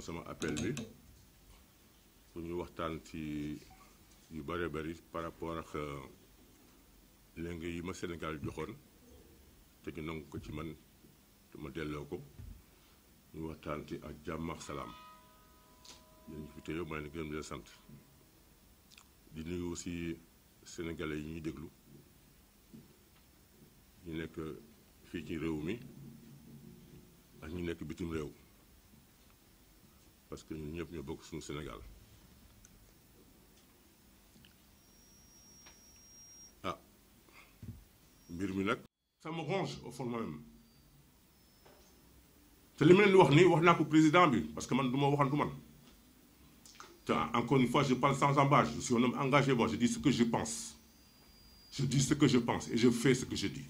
sama appel bi pour ñu waxtaan si yu bëree bari par rapport ak euh, léegi yi ma Sénégal joxoon te ñu nangu ko ci man te ma delloo ko ñu waxtaan si ak jàmm salaam yéen ñu fi teew maa ngi gërëm di sant di nuyu aussi sénégalais yi ñuy déglu ñu nekk fii ci réew mi ak ñu nekk bitim réew. parce que ñun ñëpp ñoo bokk suñu Sénégal ah mbir mi nag. ça me ronge au fond moi-même te li ma leen di wax ni wax naa ko président bi parce que man du ma waxantu man te encore une fois je parle sans embâche je suis un homme engagé bon je dis ce que je pense je dis ce que je pense et je fais ce que je dis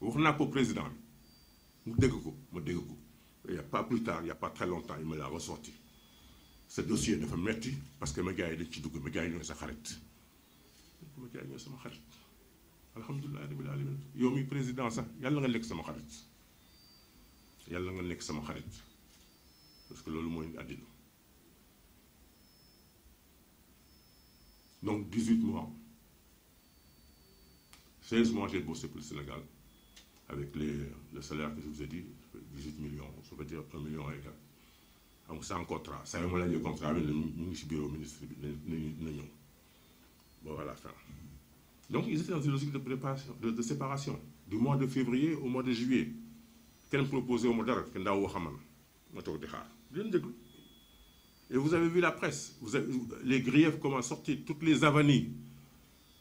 wax naa ko président bi mu dégg ko ma dégg ko. il n'y a pas plus tard il n'y a pas très longtemps il me l'a ressorti ce dossier dafa metti parce que ma gars yi dañ ci dugg ma gars yi ñooy sa xarit ma gars yi ñooy sama xarit alhamdulilah rabbil alamin yow mi président sax yàlla nga nekk sama xarit yàlla nga nekk sama xarit parce que loolu mooy àddina donc 18 mois 16 mois j'ai bossé pour le Sénégal avec les, le salaire que je vous ai dit, 18 millions, ça veut dire 1 million et quelques. Donc c'est un contrat. Ça, on l'a dit contrat avec le bureau ministre. Bon, à la fin. Donc ils étaient dans de, séparation. Du mois de février au mois de juillet. Quel proposé au modèle Quel n'a Et vous avez vu la presse. Vous avez, les griefs comment sortir, toutes les avanies,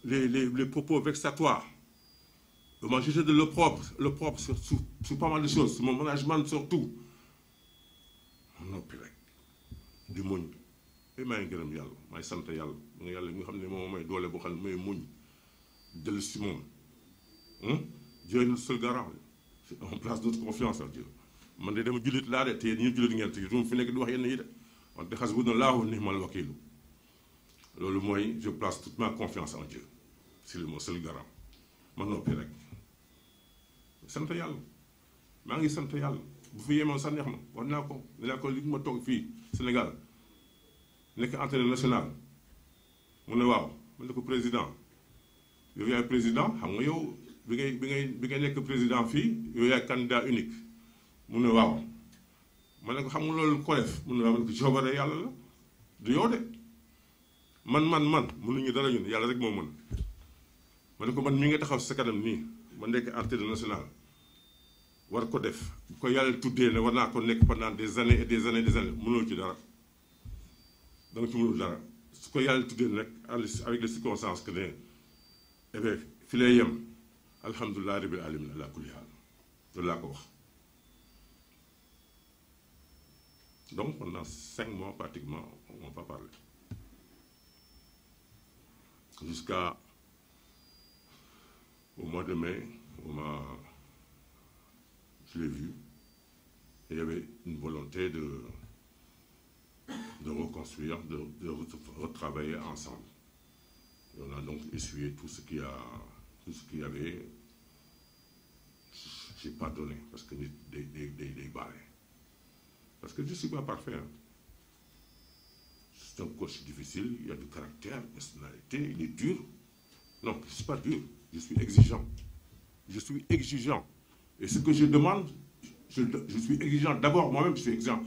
les, propos vexatoires. moi j'ai de l'opprobre, l'opprobre sur, sur, su pas mal de choses, sur mon management surtout. noppi rek di yàlla maay sant yàlla mu yàlla mi nga xam ne moom may doole boo xam ne may muñ dellu si moom hmm? Dieu est notre seul garant on man de dama jullit laa de te yéen ñëpp jullit ngeen te du fi nekk di wax yenn yi de wante xas bu na loolu mooy je place toute ma confiance en Dieu c'est mon ma noppi rek sant yàlla maa ngi sant yàlla bu fi yemoon sax neex ma wax naa ko dinaa ko li ma toog fii Sénégal nekk entraîneur national mu ne waaw mu ne ko président yow yaay président xam nga yow bi ngay bi ngay bi ngay nekk président fii yow yaay candidat unique mu ne waaw ma ne ko xam nga loolu ko def mu ne waaw ma ne ko yàlla la du yow de man man man mënuñu dara ñun yàlla rek moo mën ne ko man mi nga taxaw sa kanam nii ma nekk entraîneur national war ko def ko yàlla tuddee ne war naa ko nekk pendant des années des années des années mënoo ci dara danga ci mënul dara su ko yàlla tuddee nag avec les circonstances que ne eh fi lay yem alhamdulilah rabil alamin ala kulli haal pendant cinq mois pratiquement on va parler jusqu'à au mois de mai je l'ai vu, et avait une volonté de, reconstruire, de, retravailler ensemble. on a donc essuyé tout ce qu'il a, tout ce qu'il avait. Je pas donné, parce que des, des, des, je suis pas parfait. C'est un coach difficile, il a du caractère, personnalité, il est dur. Non, je pas dur, je suis exigeant. Je suis exigeant. Et ce que je demande, je, je suis exigeant d'abord moi-même, je suis exigeant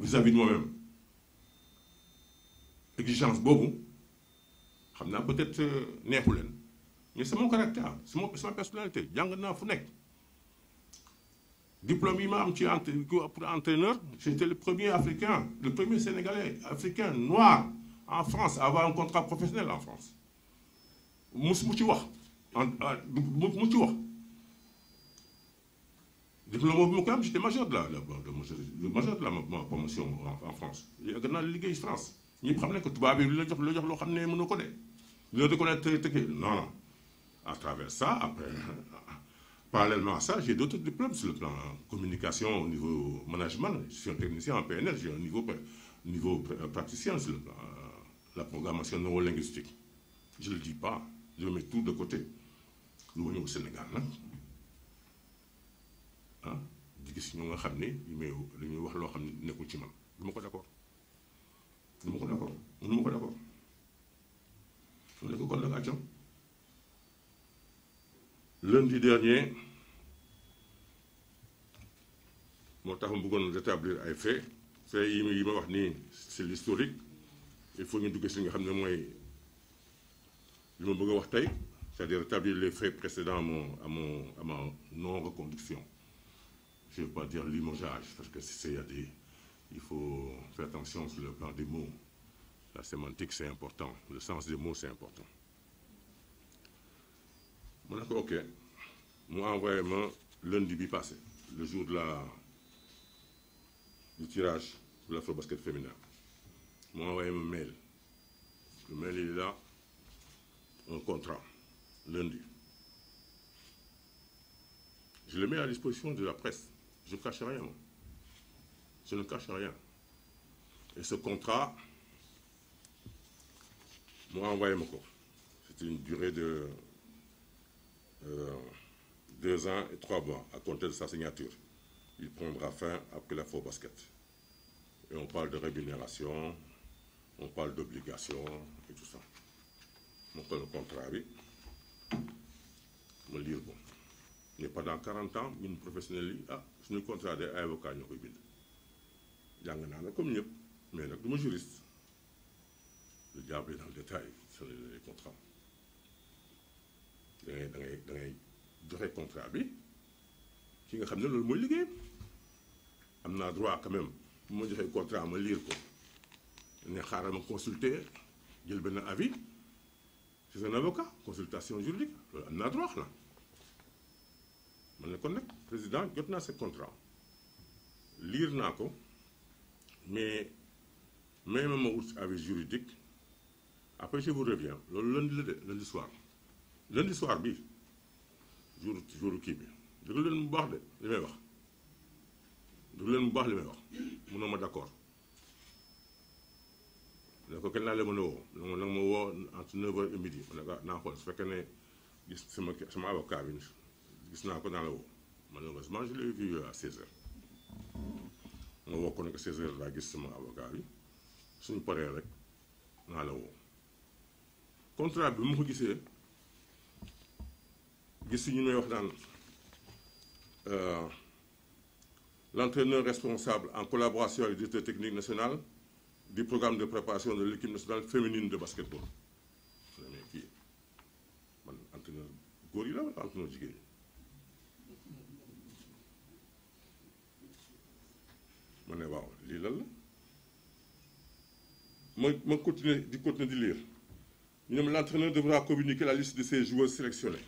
vis-à-vis de moi-même. Exigence boobu xam naa peut-être euh, neexu leen mais c'est mon caractère c'est mon ma personnalité jàng naa fu nekk diplôme yi ma am ci pour entraîneur j'étais le premier africain le premier sénégalais africain noir en France à avoir un contrat professionnel en France mus mu ci wax mu ci wax diplôme bi mu ko am j'étais major de la le major de la ma promotion en France yàgg naa liggéey France ñëpp xam ne que tubaab yi lu la jox lu jox loo xam ne mënoo ko de lu la reconnaître tëkkee non non à travers ça après parallèlement à ça j'ai d'autres diplômes sur le plan communication au niveau management je suis un technicien en PNL j'ai un niveau niveau euh, le plan euh, la programmation neurolinguistique je le dis pas je tout de côté lu ma ñëw Sénégal nag ah di gis nga xam ne mais li ñuy wax loo xam ne nekkul ci man lu ma ko d'accord du ma ko d'accord mënu ma dernier moo tax mu bëggoon rétablir ay faits faits yi yi ma wax nii c'est l'historique il faut ñu duggee si nga xam ne mooy li ma bëgg a wax tey c'est-à-dire établir les faits précédents à, mon, reconduction Je ne pas dire limogeage, parce que c'est il faut faire attention sur le plan des mots. La sémantique, c'est important. Le sens des mots, c'est important. Mon accord, ok. Moi, envoyé passé, le jour de la, du tirage de l'afro-basket féminin. Moi, envoyé mail. Le mail, il est là, un contrat. lundi. Je le mets à disposition de la presse. Je ne cache rien. Je ne cache rien. Et ce contrat, moi, envoyé mon corps. une durée de euh, deux ans et trois mois à compter de sa signature. Il prendra fin après la faux basket. Et on parle de rémunération, on parle d'obligation et tout ça. Donc, le contrat, oui. ma liir ko mais pendant 40 ans ñun professionnel yi ah suñu contrat de ay avocat ñoo koy bind jàng naa na comme ñëpp mais nag du ma juriste le diable est dans le détail c'est les contrats da joxe contrat bi ki nga xam ne loolu mooy liggéey am naa droit quand même bu ma joxee ma liir ko ne xaaral ma consulter jël benn avis chez un avocat consultation juridique loolu am naa man ne kon nag président jot naa se contrat liir naa ko mais mais ma ma wut avis juridique après je vous reviens loolu lundi la de lundi soir lundi soir bi jour jour kii bi déglu leen bu baax de li may wax déglu leen bu baax li may wax munoo ma d'accord ne ko kenn laa la mën a woo nag nag ma woo entre 9h et midi ma ne ko ah naa xool su fekkee ne gis sama sama avocat bi gis naa ko naa la woo malheureusement je l'ai vu à 16h ma woo ko ne ko 16h laa gis sama avocat bi suñu paree rek naa la woo contrat bi mu ko gisee gis ñu may wax naan euh, l'entraîneur responsable en collaboration avec le directeur technique national du programme de préparation de l'équipe nationale féminine de basketball su demee kii man entraîneur góor yi la wala entraîneur jigéen ñi ma ne waaw lii lan la ma ma continuer di continuer di lire ñu ne l'entraîneur devra communiquer la liste de ses joueurs sélectionnés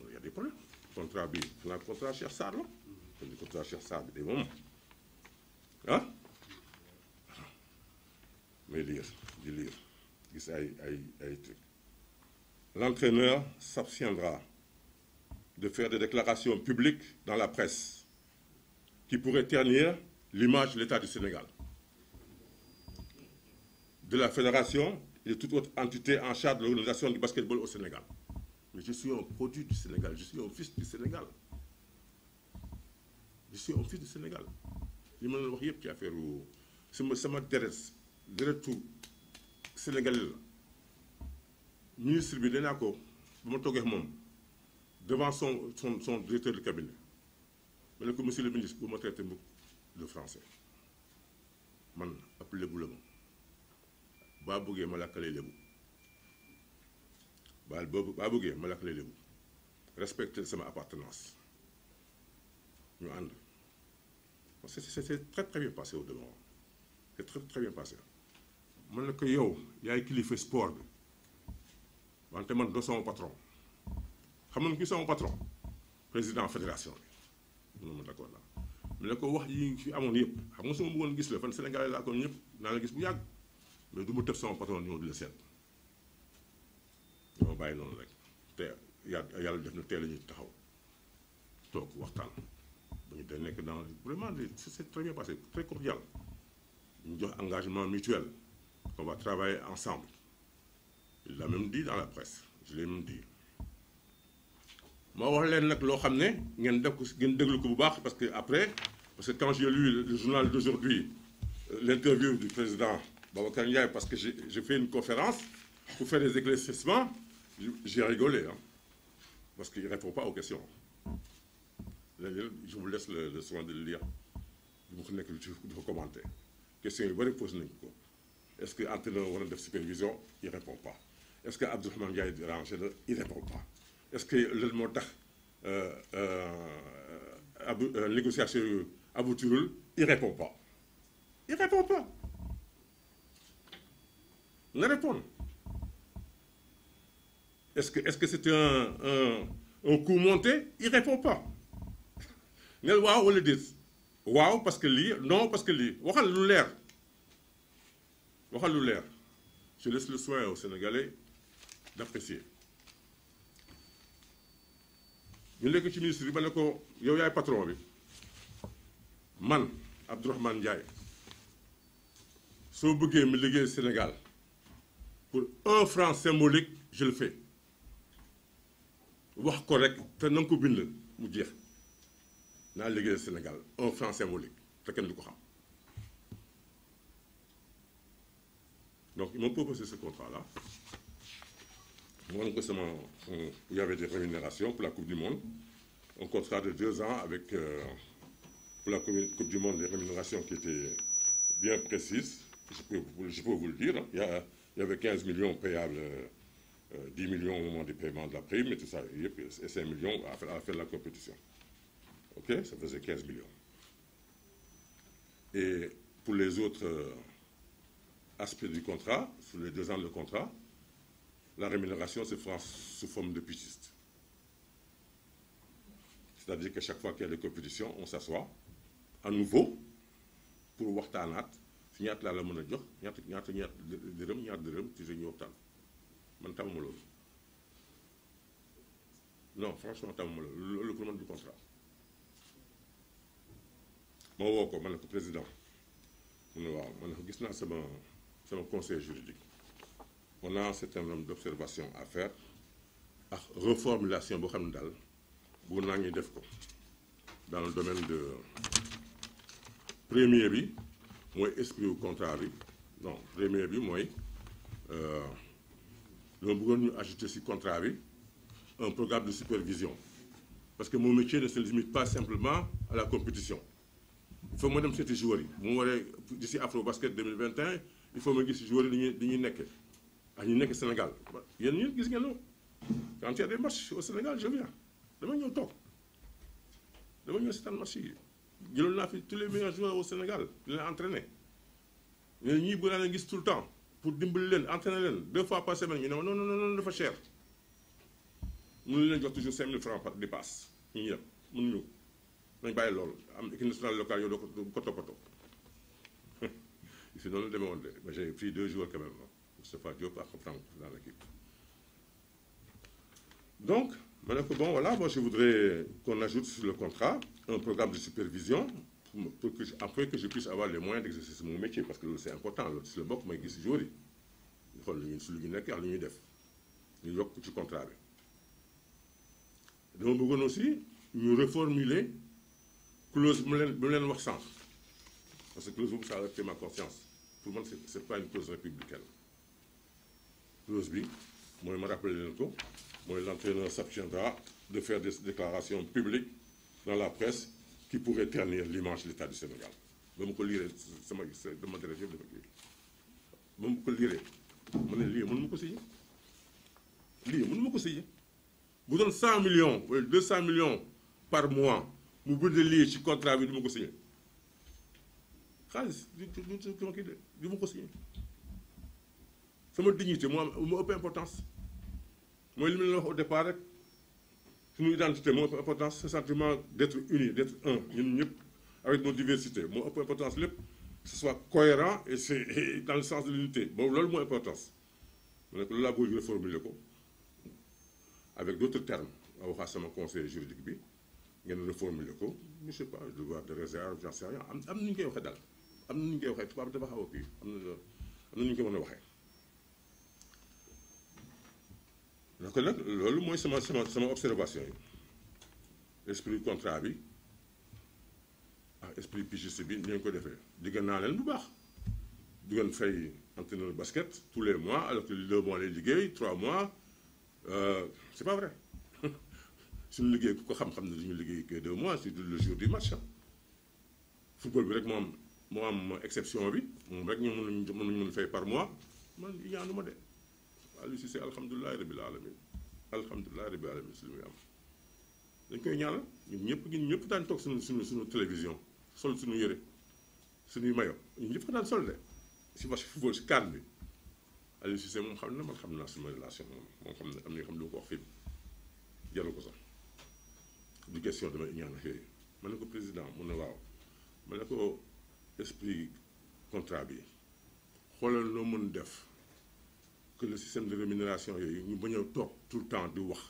il y a des problèmes contrat bi xanaa contrat Cheikh Sarr la kon contrat Cheikh Sarr bi day moom ah mais lire di lire gis s'abstiendra de faire des déclarations publiques dans la presse qui pourraient ternir l'image de l'État du Sénégal de la fédération et de toute autre entité en charge de l'organisation du basketball au Sénégal mais je suis un produit du Sénégal je suis un fils du Sénégal je suis un fils du Sénégal li ma leen wax yëpp ci affaire yu sama sama deret deretu sénégalais la ministre bi danaa ko ba ma toogee moom devant son son son directeur de cabinet ma ne ko monsieur le ministre bu ma traité mbokk de français man ab lébu la ma baa bëggee ma làkkalee lébu baa boobu baa bëggee ma làkkalee lébu respecter sama appartenance ñu ànd c'est très très bien passé au demeurant c'est très très bien passé mën na ko yow yaay kilifa sport bi wante man doo sama patron xam nga ki sama patron président fédération mun na ma d'accord la mu ne ko wax yi fi amoon yëpp xam nga suma bëggoon gis la fan Sénégal laa kon ñëpp naa la gis bu yàgg mais du ma tëb sama patron ñëw di la seet dama bàyyi noonu rek te yàlla def na teel a taxaw toog waxtaan dañu dañ nekk dans vraiment c'est très bien passé très cordial ñu jox engagement mutuel qu'on va travailler ensemble il l'a même dit dans la presse je l'ai même dit ma wax leen nag loo xam ne ngeen def ko ngeen déglu ko bu baax parce que après parce que quand j'ai lu le journal d'aujourd'hui euh, l'interview du président Babacar Ndiaye parce que j'ai fait une conférence pour faire des éclaircissements j'ai rigolé hein, parce qu'il répond pas aux questions léeg-léeg je vous le le de le lire du ma nekk di ko commenter question yu bëri posé nañu ko est-ce que entraîneur war a def supervision il répond pas est-ce que Abdourahmane Ndiaye dérangé la il répond pas est-ce que lan moo tax euh, euh, ab euh, négociation yu aboutirul il répond pas il répond pas nga répondre est-ce que est-ce que c'est un un un coup monté il répond pas neel waaw wala waaw parce que lii non parce que lii waxal lu leer waxal lu leer je laisse le soin aux Sénégalais d'apprécier ñu nekk ci ministre bi ma ne ko yow yaay patron bi man Abdourahmane Ndiaye soo bëggee mu liggéey Sénégal pour un franc symbolique je le fais wax ko rek te na ko bind mu jeex naa liggéey Sénégal un franc symbolique te kenn ko xam donc ils m'ont ce contrat-là moom ko sama il y avait des rémunérations pour la coupe du monde un contrat de deux ans avec euh, pour la coupe du monde des rémunérations qui étaient bien précises je peux vous, le dire il y a il y avait 15 millions payables euh, 10 millions au moment du paiement de la prime et tout ça et millions à faire, à faire la compétition OK Ça faisait millions. Et pour les autres euh, aspects du contrat, sur les deux ans de contrat, la rémunération se fera sous forme de putiste. C'est-à-dire que chaque fois qu'il y a des compétitions, on s'assoit à nouveau pour waxtaanaat si la mën a jox ñaata ñaata ñaata dërëm ñaata dërëm ci ñu waxtaan man tàmmuma non franchement tàmmuma loolu loolu du contrat. ma woo ko ma ne ko président mu ne waaw ma gis naa sama sama conseil juridique on a un certain nombre d' observations à faire ak reformulation boo xam ne daal bu naa ngi def ko dans l domaine de premier bi mooy esprit wu bi non premier bi mooy euh, dama bëggoon ñu ajouter si contrat bi un programme de supervision parce que mon métier ne se limite pas simplement à la compétition il faut ma dem seeti joueurs yi bu mu waree d'ici afro basket 2021 il faut ma gis joueurs yi dañuy ñuy nekk ak ah, ñu nekk Sénégal yéen ñu gis ngeen quand il y a des matchs au Sénégal je dama ñëw toog dama ñëw seetaan match yi jëloon naa fi tous les meilleurs joueurs au Sénégal di leen entraîner ñun ñii bu naa leen gis tout le temps pour dimbali leen entraîner leen de fois par semaine ñu ne ma non no non dafa cher mënuñu leen jox toujours 5000 francs par di passe ñu ñëpp mënuñu nañ bàyyi loolu am équipe nationale locale yow doo ko doo ko toppatoo si noonu la demee woon de mais j'ai pris deux joueurs quand même Moustapha Diop ak Franck dans ma ne ko bon voilà moi je voudrais qu'on ajoute sur le contrat un programme de supervision pour, pour que après que je puisse avoir les moyens d'exercer mon métier parce que loolu c'est important loolu si la bokk may gis jour yi ñu xool lu ñu si lu ñu nekk ak lu ñuy def ñu yokk ci contrat bi dama bëggoon aussi ñu clause bu mu leen wax sànq parce que clause boobu ça a heurté ma conscience pour man c'est c'est pas une clause républicaine clause bi mooy ma rappelé leen ko mooy l'entraîneur s'abstiendra de faire des déclarations publiques dans la presse qui pourraient ternir l'image de l'État du Sénégal ba ma ko liiree sama dama deret yëpp dafa kii ba ma ko liiree ma ne lii mënu ma ko signé lii mënu ma ko signé bu doon par mois mu bind lii ci contrat bi du ma ko signé xaalis du du du moo am moo ëpp importance mooy li mu leen wax au départ rek moo ëpp importance ce sentiment d'être uni d'être un ñun ñëpp avec nos diversités moo ëpp importance lépp que ce soit cohérent et c'est dans le sens de l'unité boobu loolu moo importance ma ne ko loolu laa bëgg reformuler ko avec d'autres termes a waxaa sama conseil juridique bi ngeen reformuler ko je sais pas devoir de réserve j'en sais rien am am na ñu koy waxee daal am na ñu koy waxee tubaab dafa xaw a kii am na am na ñu ko mën a waxee. donc nag loolu mooy sama sama sama observation yi esprit contrat bi ak esprit pigiste bi ni ngeen ko defee diggan naa leen bu baax diggan fay entraîneur basket tous les mois alors que le mois lay liggéey trois mois euh, c'est pas vrai. suñu liggéey ku ko xam-xam ne ñu liggéey que deux mois c'est le jour du match football bi rek moo am moo am exception bi moom rek ñu mënuñ mënuñ mën fay par mois man ñaanu ma de Aliou Cissé alhamdulilahi rabil alamin alhamdulilahi rabil alamin si lu muy am dañ koy ñaanal ñun ñëpp ñu ñëpp daan toog suñu suñu suñu télévision sol suñu yëre suñuy mayo ñu ñëpp ko daan sol de si match football si CAN bi Aliou Cissé moom xam na xam naa suma relation moom moom xam ne am na xam ne du ko ko sax du question damay ñaan ak yooyu ma ko président mu ne waaw ma ne ko esprit contrat bi xoolal loo mën def que le système de rémunération yooyu ñu bañ a toog tout le temps di wax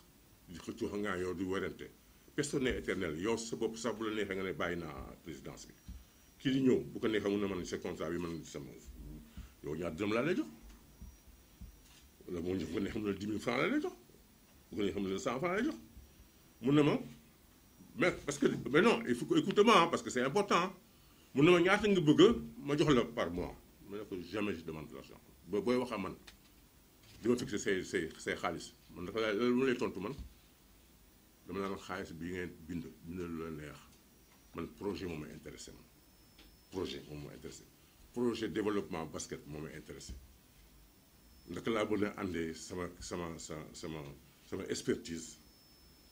di xëccoo ngaa yow di werante personne n'est éternel yow sa bopp sax bu la neexee nga ne bàyyi naa présidence bi kii di ñëw bu ko neexee mun na man sa contrat bi man sama yow ñaar dërëm laa lay jox wala moo ñu ko neex mu ne dix mille francs laa jox bu neexee mu ne cent francs lay jox na mais parce que mais non il faut que écoute-moi hein, parce que c'est important mun na ma ñaata nga bëgg ma jox la par mois ma ne ko jamais je demande de l'argent ba booy wax a man di ma fixé say say say xaalis man dafa la lu ma lay tontu man dama naan xaalis bi ngeen bind la neex man projet moom ma intéressé projet moom ma intéressé projet développement basket moom ma intéressé ndaka laa bëgg a sama sama sa sama sama expertise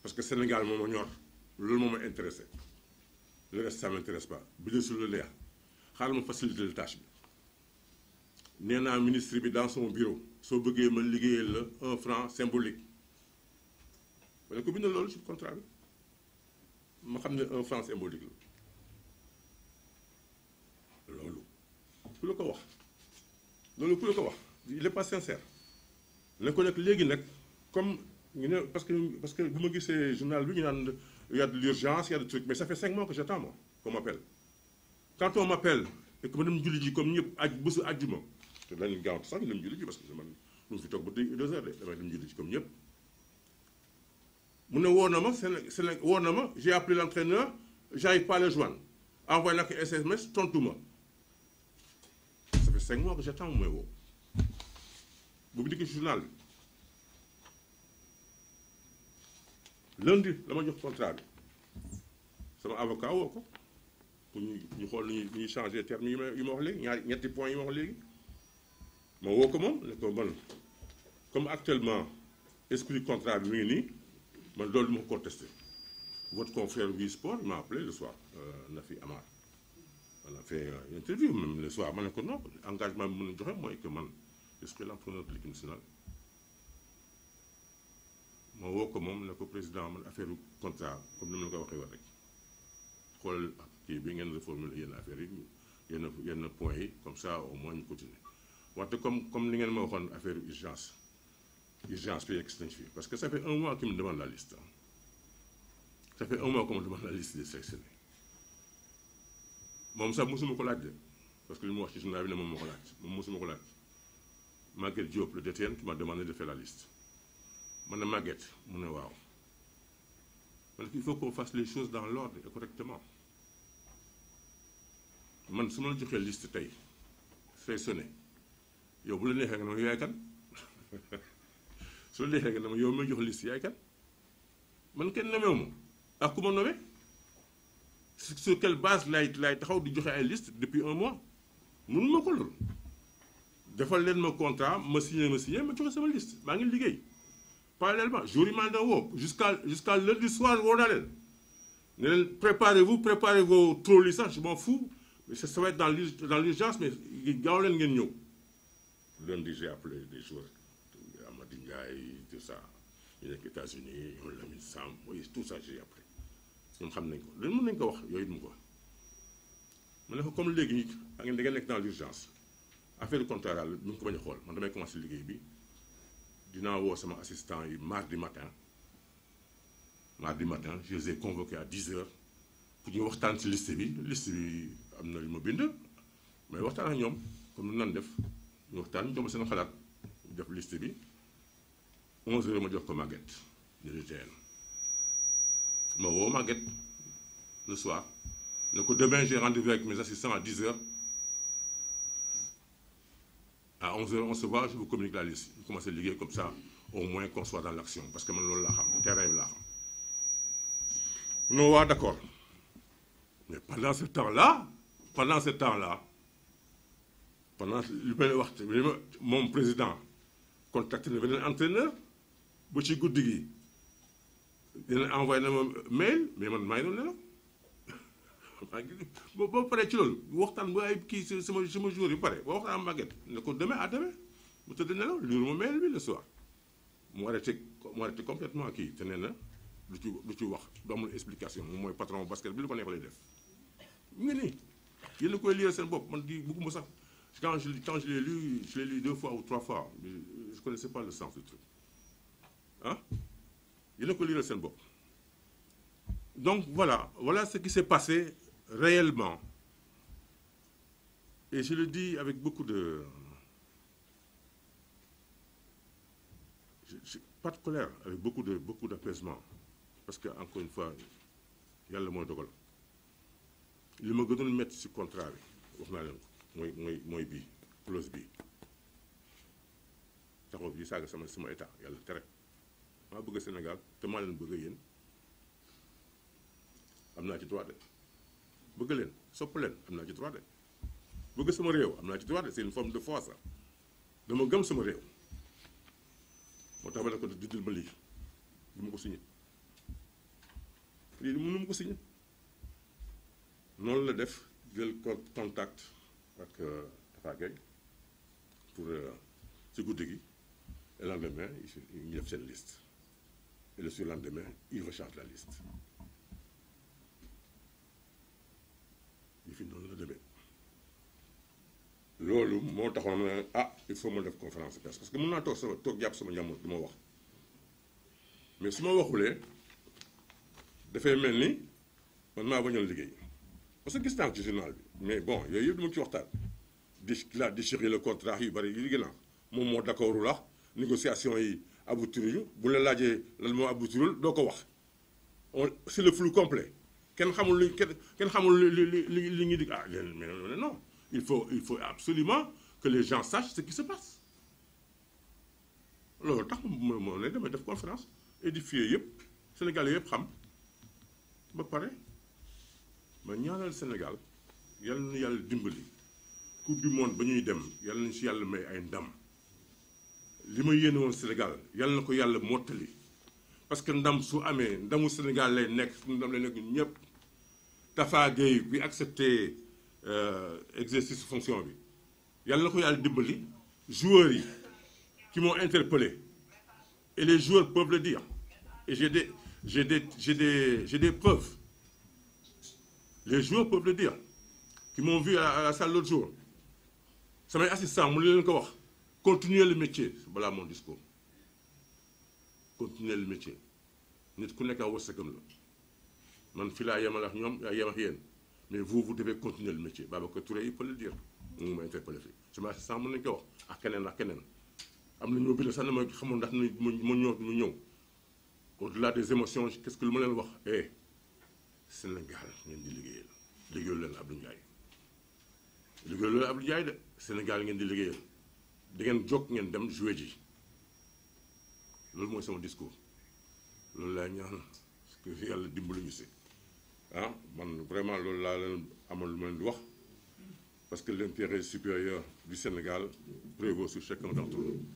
parce que Sénégal moom a ñor loolu moo ma intéressé le reste ça m'intéresse pas bu dee sur le leer xaaral ma faciliter la tâche bi nee naa ministre bi dans son bureau soo bëggee man liggéeyal la un franc symbolique ma ne ko bind loolu si contrat bi ma xam ne un franc symbolique la loolu ku la ko wax loolu ku la ko wax il est pas sincère ne ko nag léegi nag comme ñu ne parce que parce que bu ma gisee journal bi ñu naan. il y a de l'urgence, il y a des trucs. Mais ça fait cinq mois que j'attends, moi, qu'on m'appelle. Quand on m'appelle et que madame Diouli dit, comme ñëpp aj bésu àjjuma te daañu gaaw sax madame Diouli ji parce que man lu mu fi toog ba deux heures de damay dem Diouli ji comme ñëpp. mu ne woo na ma seen seen woo na ma j'ai appelé l'entraîneur j'arrive pas à le joindre envoyé naa ko SMS tontu ma ça fait cinq mois que j'attends mooy woo boobu dikk journal bi. lundi la ma jox contrat bi sama avocat woo ko pour ñu ñu xool nu ñuy ñuy changé terme yi ma yi ma wax léegi ñaari ñetti points yi ma wax léegi ma woo ko moom ne man comme actuellement esprit contrat bi mu ngi nii man loolu ma contesté votre confrère Wii Sport m'a appelé le soir euh, Nafi Amar on a fait euh, interview même le soir ma ne ko non engagement bi mën a joxe mooy man je suis là pour ma woo ko moom ne ko président man affaire contrat comme ni ma ko waxee woon rek xoolal kii bi ngeen reformuler yenn affaire yi yenn yenn points yi comme ça au moins ñu continuer wante comme comme ni ngeen ma waxoon affaire urgence urgence bi yegg nañ fi parce que ça un mois qu'il me demande la liste ça fait un mois qu'on me demande la liste des sélectionnés moom sax mosuma ko laaj de parce que li mu wax ci journal bi ne moom ma ko laaj moom mosuma ko laaj Maguette Diop le DTN qui m'a demandé de faire la liste ma ne Maguette mu ne waaw a ne il faut qu'on fasse les choses dans l'ordre et man su ma la joxee liste tey say sonné yow bu la neexee nga ne ma yaay kan ma yow may kan man kenn nommé ma ak ku ma nommé sur quelle base lay laay taxaw di joxe ay list depuis un mois mun ma ko loolu defal leen ma contrat ma signé ma signé ma joxe sama liste maa ngi liggéey. parallèlement jour yi maa doon woo jusqu'à jusqu'à lundi soir woo wo leen ne leen préparez-vous préparez vos trolleys sax je m'en fous mais ça va être dans l'urgence mais gaaw leen ngeen ñëw lundi j'ai appelé des joueurs Amady Ndiaye tout ça ñu nekk tou unis ñoom Lamine Samb mooy tout ça j'ai appelé ñoom xam nañ ko loolu mën nañ ko wax yooyu mu ko wax ma ne ko comme léegi da ngeen nekk dans l'urgence affaire contrat daal ñu ngi ko bañ a xool man damay liggéey bi dinaa woo sama assistant yi mardi matin mardi matin je les ai convoqués à 10 heures pour ñu waxtaan ci liste bi liste bi am na lu ma bind mais waxtaan ak ñoom comme nan def ñu waxtaan ñoom seen xalaat def liste bi 11 heures ma jox ko Maguette de l'UTL ma woo Maguette le soir ne ko demain j'ai rendez-vous à 10 heures à 11 on se voit je vous communique la liste ñu commencé liggéey comme ça au moins qu'on dans l'action parce que man loolu laa xam terrain bi laa xam non waa d'accord mais pendant ce temps-là pendant ce temps-là li may wax moom président contacté na beneen entraîneur ba ci guddi gi dina envoyé na ma mail mais man maa ngi doon boo paree ci loolu waxtaan ba ay kii sama sama jour yi bu pare boo waxtaan màgget ne ko demain à demain mu tëdd nelaw lire ma mail kii te na du ci du ci wax du amul explication moom mooy patron basket bi lu ko neex lay def mu ngi seen bopp man di bëgguma sax quand je quand je l'ai li je l'ai lu deux fois ou trois fois je connaissais pas le sens du truc ah a koy lire seen bopp ce qui s'est passé réellement, et je le dis avec beaucoup de... Je, colère, avec beaucoup de beaucoup d'apaisement. Parce que, encore une fois, yàlla mooy dogal li ma gënoon métti si contrat bi wax naa leen ko mooy mooy mooy bii clause bii taxaw bi saaga sama sama état yàlla tere maa bëgg Sénégal te maa leen bëgg yéen am naa ci droit de bëgg leen sopp leen am naa ci droit de bëgg sama réew am naa ci droit de c'est une de foi dama gëm sama réew moo tax ma ne ko juddul ma lii du ma ko signé lii mënu ma ko signé noonu la def jël contact ak euh, Tafa Gueye pour euh, ci guddi gi et lendemain ñu def seen liste et le surlendemain il recharge la liste yi noonu la demee loolu moo taxoon na ah il faut ma def conférence parce que mën naa toog sama toog jàpp sama njàmbur du ma wax mais su ma waxulee dafay mel ni man maa bañoon liggéey parce que gis naa ci journal bi mais bon yooyu yëpp duma ci waxtaan di la déchirer le contrat yu bëri yu liggéey naa moom moo d'accordu la négociation yi aboutir yu bu la laajee lan moo aboutirul doo ko wax on c'est le flou complet kenn xamul lu kenn xamul lu lu lu lu ñuy dig ah mais non il faut il faut absolument que les gens sachent ce qui se passe loolu tax moom moom la damay def conférence édifier yëpp Sénégalais yëpp xam ba pare ma ñaanal Sénégal yal na yàlla dimbali coupe du monde ba ñuy dem yal nañu si yàlla may ay ndam li ma yéene woon Sénégal yal na ko yàlla mottali parce que ndam su amee ndamu Sénégal lay nekk ndam lay nekk ñëpp. Tafa Gueye bi accepté euh, exercice fonction bi yàlla na ko yàlla dimbali joueurs yi qui m'ont interpellé et les joueurs peuvent le dire et j'ai des j'ai des j'ai des j'ai des preuves les joueurs peuvent le dire qui m'ont vu à la salle l'autre jour samay assistant mu ne leen ko wax continuer le métier balaa mon discours continuer le métier nit ku nekk a wërsëgam la man fi laa yemal ak ñoom laa yem ak yéen mais vous vous devez continuer le métier Babacar Touré il ma interpellé fii sama assistant mën wax ak keneen ak keneen am na ñoo bi la sax ne ma xamoon ndax mu mu mu ñëw au delà des émotions qu'est-ce que lu ma leen wax eh Sénégal ngeen di liggéeyal liggéeyal leen Abdou Ndiaye liggéeyal leen Abdou Ndiaye de Sénégal ngeen di liggéeyal da ngeen jog ngeen dem jouer ji loolu mooy sama discours loolu laay ñaan parce que yàlla dimbaluñu ah man vraiment loolu laa leen amal lu ma leen di wax parce que l'intérêt supérieur du Sénégal prévaut sur chacun d'entre nous